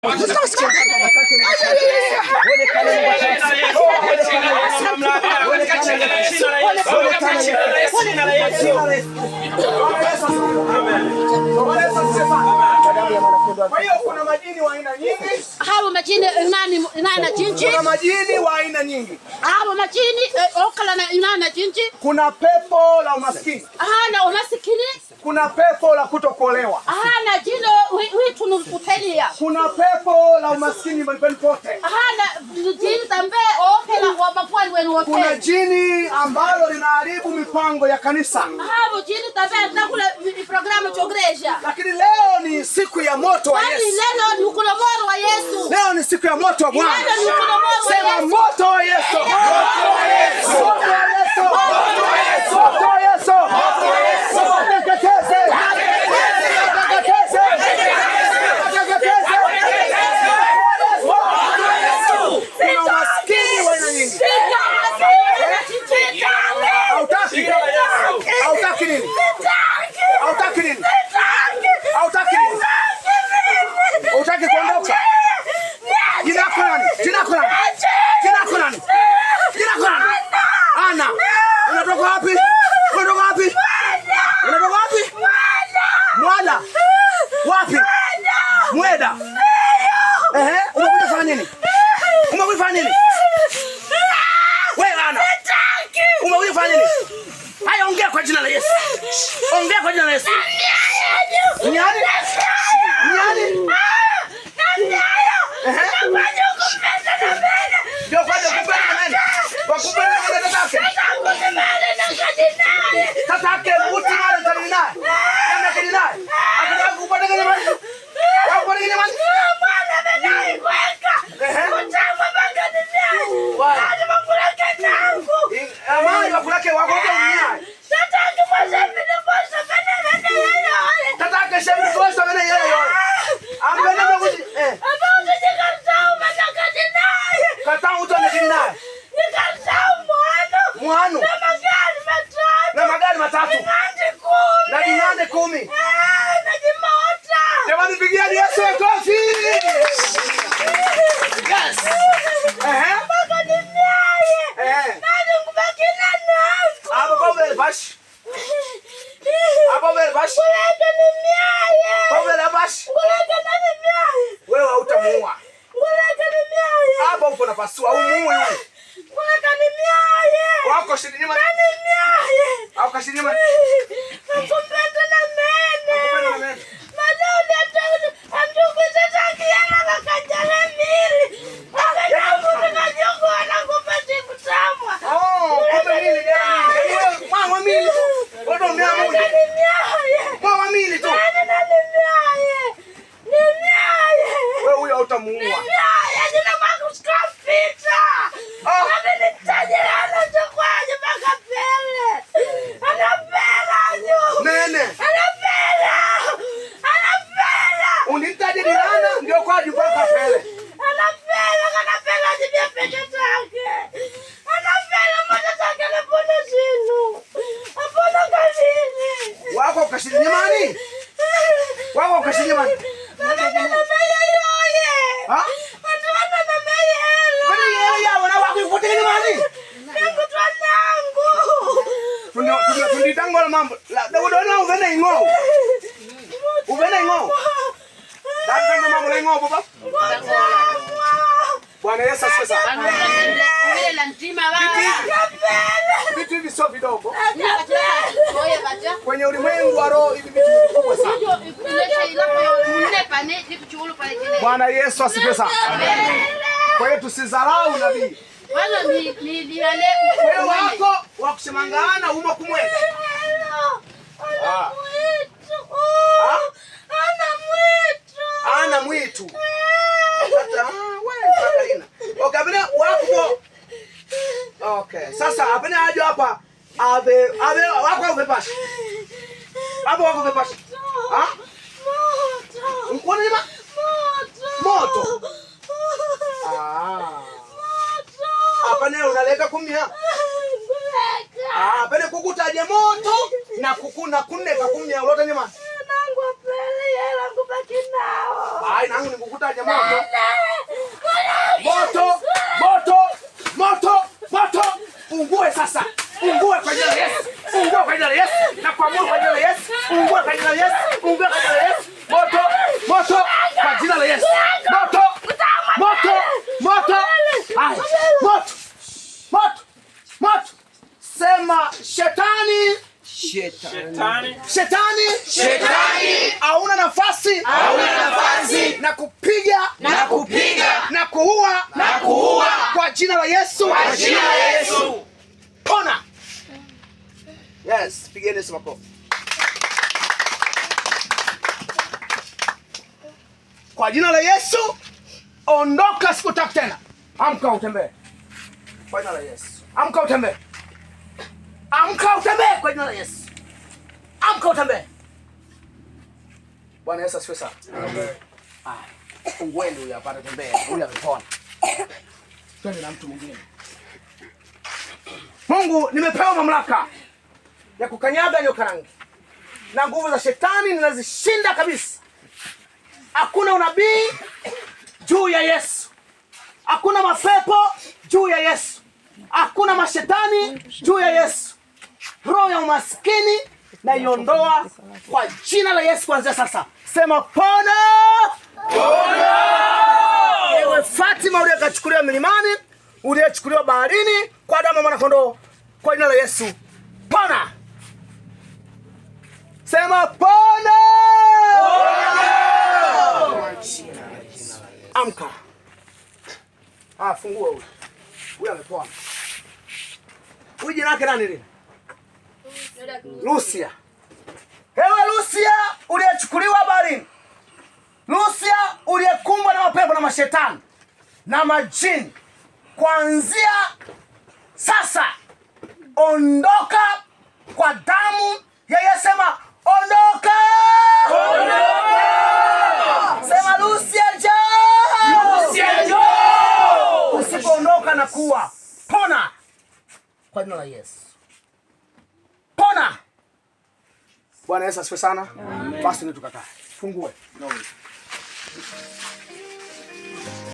Kwa hiyo kuna majini wa aina nyingi. Hawa majini nani nani na jinji? Kuna majini wa aina nyingi. Hawa majini okala na nani na jinji? Kuna pepo la umaskini. Ah, na umaskini? Kuna pepo la kutokuolewa. Ah, na jino kukupelia. Kuna pepo la umaskini malipeni pote. Kuna jini ambalo linaharibu mipango ya kanisa. Lakini leo ni siku ya moto wa Yesu. Leo ni siku ya moto wa Bwana. Sema moto wa Yesu. Ongea kwa jina la Yesu. Nyani? Nyani? Nyani? matano na magari matatu na dinande kumi. Eh, Jamani, pigieni Yesu makofi! Yes. Eh. Eh. कशी निमत mambo. You don't know when they know. When they know. mambo they baba. Bwana Yesu asifiwe. Vitu hivi sio vidogo. Kwenye ulimwengu wa roho hivi vitu vikubwa sana. Bwana Yesu asifiwe sana. Kwa hiyo tusidharau nabii. Wala ni ni wale wako wa kushangana umo kumwe. Ah. Ah. Oh, ana mwitu ah, wako okay. Sasa apana ajo hapa abe abe wako umepasha hapo wako umepasha ah mkono nyuma moto ah hapa leo unaleka kumia kuna kune kakumya ulota nyama nangu apeli yangu baki nao ai nangu nikukuta jamaa moto moto moto moto moto ungue sasa ungue kwa jina la Yesu ungue kwa jina la Yesu na kwa Mungu kwa jina la Yesu ungue kwa jina la Yesu ungue kwa jina la Yesu Shetani, shetani hauna nafasi, hauna nafasi na kupiga na kupiga na kuua na kuua kwa jina la Yesu, kwa jina la Yesu. Pona. Yes, pigeni Yesu makofi. Kwa jina la Yesu, ondoka, sikutaki tena. Amka utembee. Kwa jina la Yesu. Amka utembee. Amka utembee kwa jina la Yesu. Inuka Bwana Yesu asifiwe sana. Amen. Huyu amepona. Twende na mtu mwingine. Mungu, nimepewa mamlaka ya kukanyaga nyoka rangi na nguvu za shetani ninazishinda kabisa. Hakuna unabii juu ya Yesu, hakuna mapepo juu ya Yesu, hakuna mashetani juu ya Yesu, roho ya umaskini naiondoa kwa jina la Yesu kuanzia sasa. Sema pona, pona. Ewe Fatima uliyekachukuliwa milimani, uliyechukuliwa baharini kwa damu ya mwanakondoo, kwa jina la Yesu pona. Sema pona, pona. Amka. Ah, fungua huyu. Huyu amepona. Huyu jina lake nani lile? Lucia, Ewe Lucia uliyechukuliwa baharini, Lucia uliyekumbwa na mapepo na mashetani na majini, kuanzia sasa ondoka kwa damu ya Yesu. Sema ondoka, ondoka! Sema Lucia jo, Usipoondoka na kuwa pona kwa jina la Yesu pona. Bwana Yesu asifiwe sana. Basi tukakaa. Fungue.